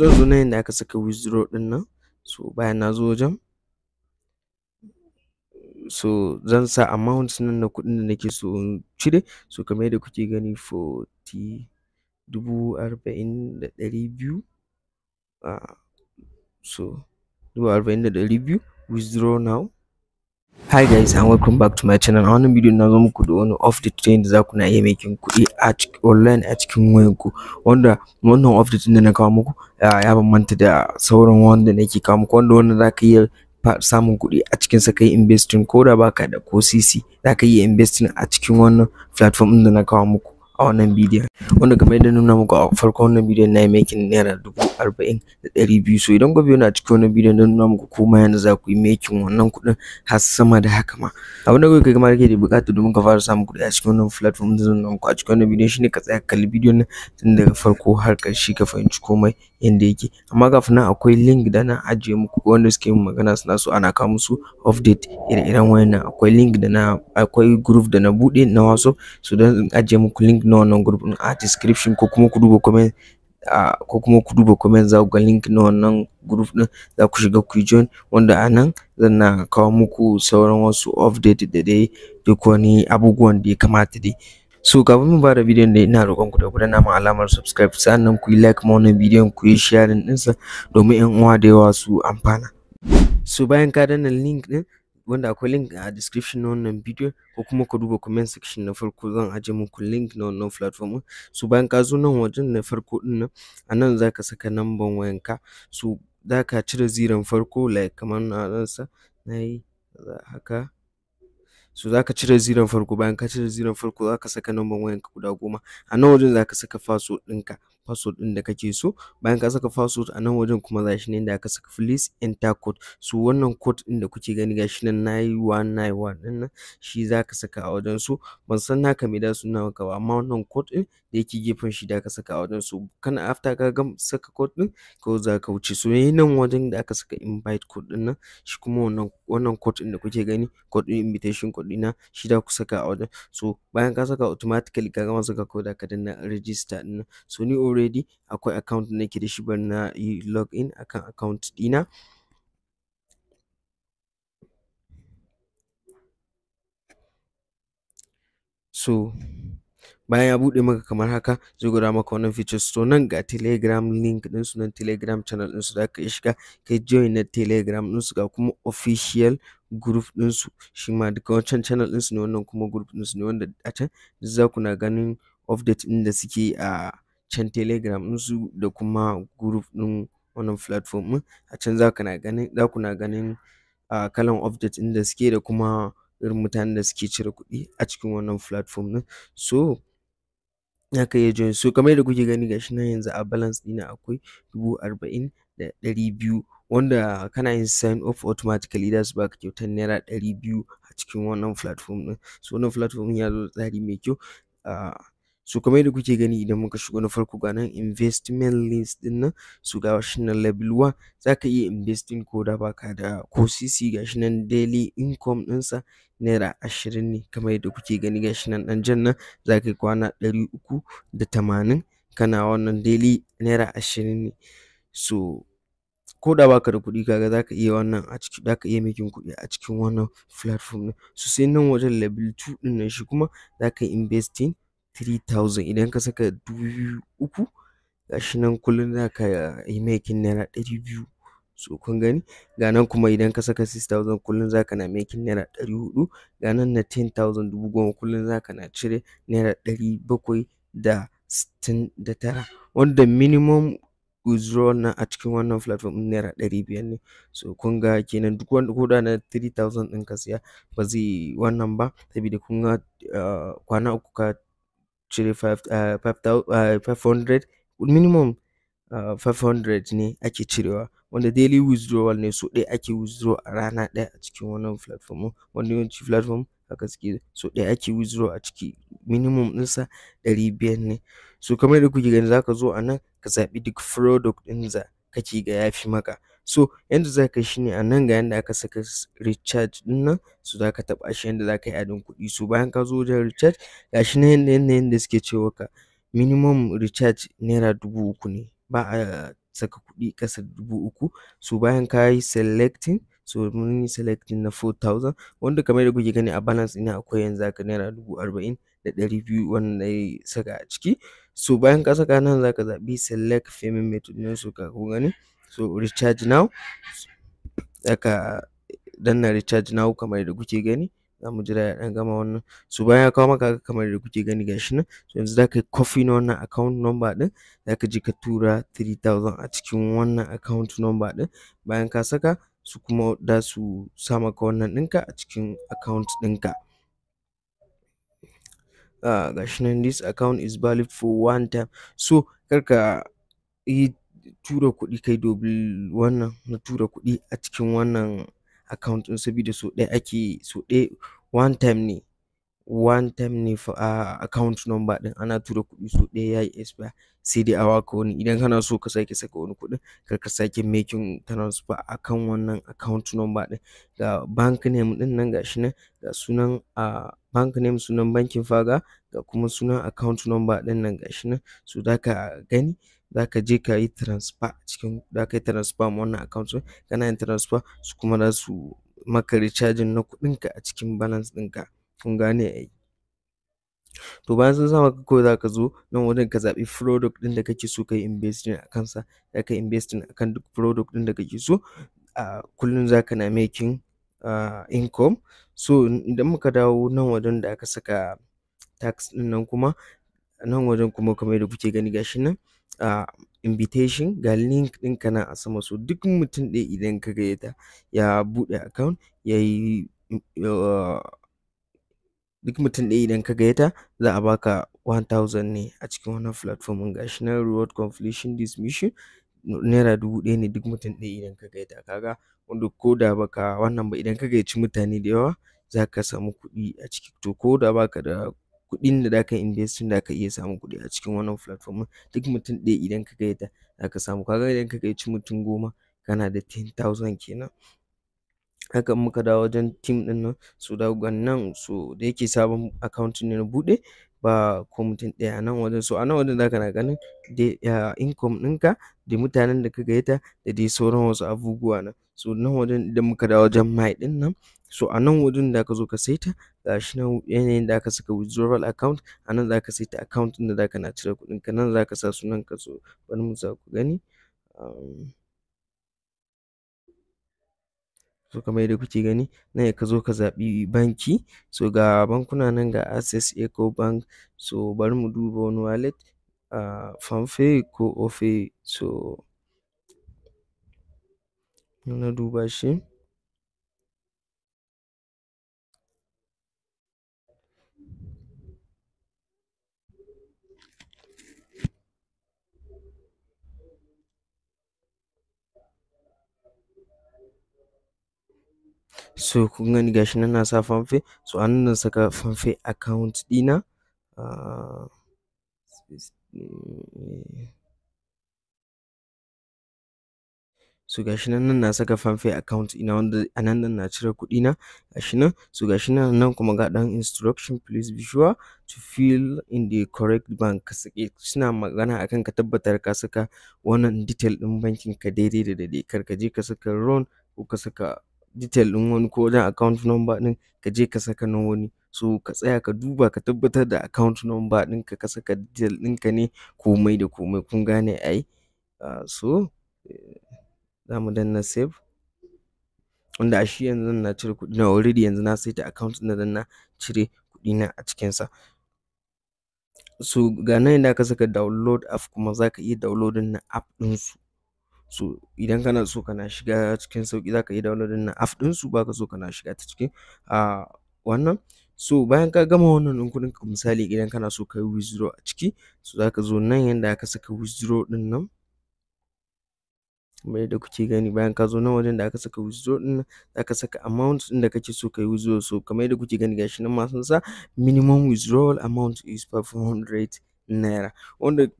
zan zo na yanda aka saka withdraw din nan so bayan na zo wajen so zan sa amount nan na kuɗin da nake so in cire so kamar yadda kuke gani 40 dubu arba'in da ɗari ah, so dubu arba'in da ɗari withdraw now Hi guys and welcome back to my channel. A wannan bidiyon na zo muku da wani update the yadda za ku na iya making kuɗi a online a cikin wayanku wanda wannan update da na kawo muku ya bambanta da sauran wanda nake kawo muku wanda wannan za ka iya samun kuɗi a cikin sa kai investing ko da baka da ko sisi za ka iya investing a cikin wannan platform ɗin da na kawo muku. a wannan bidiyon wanda kamar yadda nuna muku a farkon wannan bidiyon na yi making naira dubu arba'in da ɗari biyu so idan gobe yana cikin wannan bidiyon don nuna muku kuma yana za ku yi making wannan kuɗin har sama da haka ma abin da kai kamar kake da buƙata domin ka fara samun kuɗi a cikin wannan platform da zan nuna muku a cikin wannan bidiyon shine ka tsaya kalli bidiyon nan tun daga farko har ƙarshe ka fahimci komai yanda yake amma kafin nan akwai link da na ajiye muku wanda suke yin magana suna so ana kawo musu update ire-iren wayannan akwai link da na akwai group da na buɗe na whatsapp su don in ajiye muku link na wannan group a description ko kuma ku duba comment a ko kuma ku duba comment za ku ga link na wannan group ɗin za ku shiga ku join wanda a nan zan na kawo muku sauran wasu update da dai duk wani abubuwan da ya kamata dai so kafin mu bada bidiyon da ina roƙon ku da ku danna mun alamar subscribe sannan ku yi like ma wannan bidiyon ku yi sharing ɗinsa domin ƴan uwa da yawa su amfana so bayan ka danna link ɗin wanda akwai link a description na wannan video ko kuma ka duba comment section na farko zan aje muku link na wannan platform so bayan ka zo nan wajen na farko din nan a nan za ka saka wayan wayanka so za ka cire ziran farko like kamar na ransa na yi haka so za ka cire ziran farko bayan ka cire ziran farko za ka saka wayan wayanka guda goma a nan wajen za ka saka password ɗinka password ɗin da kake so bayan ka saka password a nan wajen kuma za shi ne da aka saka please enter code so wannan code ɗin da kuke gani gashi nan 9191 ɗin nan shi za ka saka a wajen so ban san naka me da suna maka ba amma wannan code ɗin da yake gefen shi da aka saka a wajen so kana after ka gama saka code ɗin za ka wuce so yayi nan wajen da aka saka invite code ɗin nan shi kuma wannan wannan code ɗin da kuke gani code ɗin invitation code ɗina shi da ku saka a wajen so bayan ka saka automatically ka gama saka code ka danna register ɗin nan so ni already akwai account na nake da shi na yi login akan account dina so bayan ya bude maka kamar haka zai gwada maka wannan features to nan ga telegram link din su nan telegram channel din su da ka shiga ka join na telegram din su ga kuma official group din su shi ma duka wancan channel din su ne wannan kuma group din su ne wanda a can za ku na ganin update din da suke a can telegram ɗinsu da kuma group ɗin wannan platform ɗin a can za na ganin za ku na ganin a kalan update ɗin da suke da kuma irin mutanen da suke cire kuɗi a cikin wannan platform ɗin so za ka iya join so kamar yadda kuke gani gashi nan yanzu a balance ɗina akwai dubu arba'in da ɗari biyu wanda kana yin sign up automatically za su ba baka kyautar naira ɗari biyu a cikin wannan platform ɗin so wannan platform ya zo da tsari mai kyau so kamar yadda kuke gani idan muka shigo na farko ga nan investment links din nan su ga shi na level 1 za ka iya investing ko da baka da ko cc ga shi nan daily income ɗinsa naira ashirin ne kamar yadda kuke gani ga shi nan ɗan jan nan za ka yi kwana ɗari uku da tamanin kana wannan daily naira ashirin ne so ko da baka da kuɗi kaga zaka iya wannan a ciki zaka iya making kuɗi a cikin wannan platform ɗin so sai nan wajen level 2 ɗin nan shi kuma zaka yi investing 3000 idan ka saka dubu uku gashi nan kullum za ka yi making naira ɗari biyu so kun gani ga nan kuma idan ka saka 6000 kullum kullum ka na making naira ɗari hudu ga nan na 10000 thousand dubu goma kullum ka na cire naira ɗari bakwai da sittin da tara wanda minimum withdrawal na a cikin wannan platform ɗin naira ɗari biyar ne so kun ga kenan duk wanda ko da na 3000 thousand ɗin ka siya ba zai wannan ba saboda kun ga ah, kwana uku ka actually eh, 500 eh, minimum 500 eh, ne ake cirewa wanda daily withdrawal ne so ɗaya ake withdraw a rana ɗaya a cikin wannan platform wanda yawanci platform haka suke so ɗaya ake withdraw a ciki minimum ɗinsa ɗari biyar ne so kamar yadda kuke gani zaka zo a nan ka zaɓi duk product ɗin da kake ga yafi maka so yanda za ka yi shi ne a nan ga yanda aka saka recharge ɗin nan so za ka taɓa shi yanda za ka yi adin kuɗi su bayan ka zo wajen recharge ga shi nan yanda yanda da suke ce maka minimum recharge naira dubu uku ne ba a saka kuɗi kasa da dubu uku so bayan ka yi selecting so mun yi selecting na 4000 wanda kamar yadda kuke gani a balance ina akwai yanzu haka naira dubu arba'in da ɗari biyu wanda ya saka a ciki so bayan ka saka nan za ka zaɓi select payment method ne so ka gani so recharge now aka danna recharge now kamar da kuke gani za mu jira ya gama wannan so bayan ya kawo maka kamar da kuke gani gashi nan so yanzu zaka yi copy na wannan account number din zaka je ka tura 3000 a cikin wannan account number din bayan ka saka su kuma za su sa maka wannan dinka a cikin account ɗinka ah, gashi nan this account is valid for one time so kar ka yi tura kuɗi kai dubi wannan na tura kuɗi a cikin wannan account ɗin sabida so ɗaya ake so ɗaya one time ne one time ne fa a account number din ana tura kuɗi so ɗaya yayi expire sai dai awa ka wani idan kana so ka sake saka wani kuɗin kar ka sake making transfer akan wannan account number din ga bank name din nan gashi nan ga sunan a bank name sunan bankin fa ga kuma sunan account number din nan gashi nan so zaka gani zaka je ka yi transfer cikin zaka yi transfer ma wannan account kana yin transfer su kuma za su maka recharging na kuɗinka a cikin balance ɗinka sun gane yi. to bayan sun sa maka kawai za ka zo nan wajen ka zaɓi product ɗin da kake so ka yi investing a kansa za ka investing a kan duk product ɗin da kake so a kullum za ka na making income so idan muka dawo nan wajen da aka saka tax ɗin nan kuma nan wajen kuma kamar da kuke gani gashi nan a invitation ga link ɗin nan a sama so duk mutum ɗaya idan ka gayyata ya buɗe account ya yi duk mutum ɗaya idan ka gayyata za a baka 1000 ne a cikin wannan platform ɗin gashi nan reward completion this mission naira dubu ɗaya ne duk mutum ɗaya idan ka gayyata kaga wanda ko da baka wannan ba idan ka gayyaci mutane da yawa za ka samu kuɗi a ciki to ko da baka da kuɗin da zaka da zaka iya samun kuɗi a cikin wannan platform ɗin duk mutum ɗaya idan ka gayyata zaka samu kaga idan ka gayyaci mutum goma kana da 10000 kenan haka in muka dawo wajen team ɗin nan su da wannan su da yake sabon account ne na buɗe ba ko mutum ɗaya a nan wajen so a nan wajen zaka na ganin da income ɗinka da mutanen da ka gaita, da dai sauran wasu abubuwa na so nan wajen idan muka dawo wajen my ɗin nan so a nan wajen da ka zo ka saita ga shi nan yanayin da aka saka withdrawal account a nan za ka saita account ɗin da zaka na cire kuɗinka nan za ka sa sunan ka so bari mu sa ku gani um, so kamar yadda kuke gani nan ka zo ka zaɓi banki so ga bankuna nan ga access eco bank so bari mu duba wani wallet uh, ko ofe so na duba shi so kun gani gashi nan na sa fanfe so an nan saka fanfe account dina uh, so gashi nan nan na saka fanfe account ina wanda anan nan na cire kuɗi na gashi nan so gashi nan nan kuma ga dan instruction please be sure to fill in the correct bank suna magana akan ka tabbatar ka saka wannan detail din bankin ka daidai da daidai kar ka je ka saka loan ko ka saka detail ɗin wani ko wajen account number ɗin ka je ka saka na wani so ka tsaya ka duba ka tabbatar da account number ɗin ka saka detail ɗin ka ne komai da komai kun gane ai ah, so eh, za mu danna save wanda a shi yanzu na cire kuɗi na already yanzu na saita account na na cire kuɗi na a cikinsa so ga nan inda ka saka download app kuma za ka iya downloading na app ɗinsu so idan kana so kana shiga cikin sauƙi zaka iya din na app su baka so kana shiga ta cikin a wannan so bayan ka gama wannan ɗin kudin ka misali idan kana so ka withdraw a ciki so zaka zo nan yanda aka saka withdraw ɗin nan kamar yadda kuke gani bayan ka zo nan wajen da aka saka withdraw ɗin nan zaka saka amount ɗin da kake so ka withdraw so kamar yadda kuke gani gashi nan ma sun sa minimum withdrawal amount is 500 naira wanda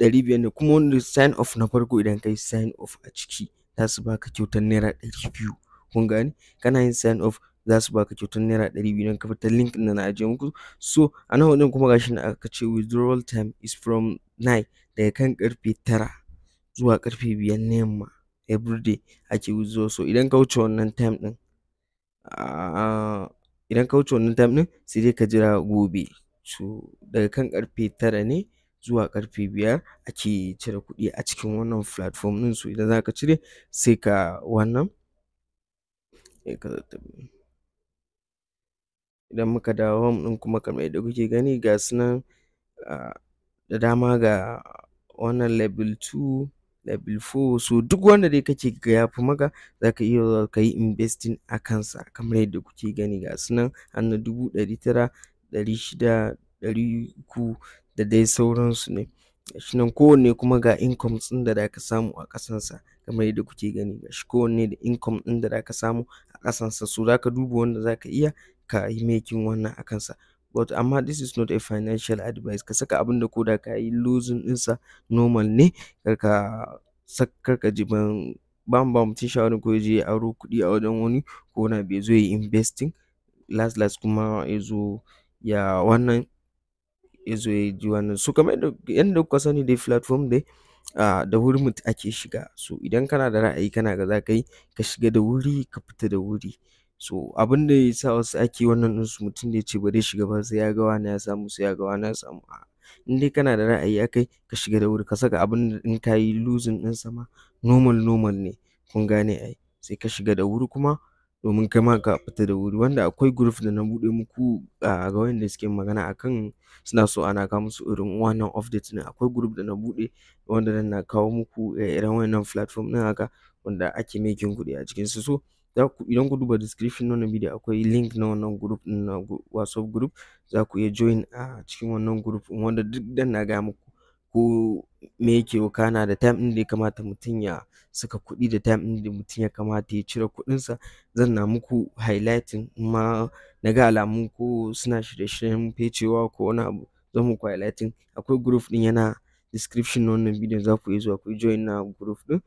ɗari biyar ne kuma wanda sign off na farko idan kai sign off a ciki za su baka kyautar naira ɗari biyu kun gane kana yin sign off za su baka kyautar naira ɗari biyu don ka fita link na na ajiye muku so a nan wajen kuma gashi na aka ce withdrawal time is from 9 daga kan karfe tara zuwa karfe biyar na yamma everyday ake withdraw so idan ka wuce wannan time ɗin ah, idan ka wuce wannan time ɗin sai dai ka jira gobe so daga kan karfe tara ne zuwa karfe biyar ake cire kuɗi a cikin wannan platform ɗin so idan za ka cire sai ka wannan idan muka dawo home ɗin kuma kamar yadda kuke gani ga su nan da dama ga wannan level 2 level 4 so duk wanda dai kake ga ya fi maka za ka iya zuwa ka yi investing a kansa kamar yadda kuke gani ga su nan dubu ɗari tara ɗari shida ɗari uku da dai sauransu ne gashi nan kowanne kuma ga income ɗin da zaka samu a ƙasansa kamar yadda kuke gani gashi kowanne da income ɗin da zaka samu a ƙasansa so zaka duba wanda zaka iya ka yi making wannan a kansa but amma this is not a financial advice ka saka abinda ko da ka yi losing ɗinsa normal ne kar ka kar ka ji ban bam mu mutum shawarar ko ya je ya aro kuɗi a wajen wani ko na bai zo ya investing last last kuma ya zo ya wannan ya zo ya ji wannan so kamar yadda kuka sani dai platform dai da wuri mutum ake shiga so idan kana da ra'ayi kana ga za ka yi ka shiga da wuri ka fita da wuri so abin da ya sa wasu ake wannan din su mutum da ya ce ba zai shiga ba sai ya ga wani ya samu sai ya ga wani ya samu a in dai kana da ra'ayi akai ka shiga da wuri ka saka abin da in ka yi losing ɗin sama normal normal ne kun gane ai sai ka shiga da wuri kuma domin kai ma ka fita da wuri wanda akwai group da na buɗe muku a ga wanda suke magana akan suna so ana kawo musu irin wannan update ne akwai group da na buɗe wanda zan na kawo muku eh, irin wannan platform ɗin haka wanda ake making kuɗi a cikin su so za ku idan ku duba description na wannan video akwai link na wannan group din na WhatsApp group za ku iya join a cikin wannan group wanda duk dan na gaya muku ko me yake na da time ɗin da ya kamata mutum ya saka kuɗi da time ɗin da mutum ya kamata ya cire kuɗinsa zan na muku highlighting in ma na ga alamun ko suna shirye-shiryen fecewa ko wani abu zan muku highlighting akwai group ɗin yana description na wannan bidiyon za ku iya zuwa ku yi join na group ɗin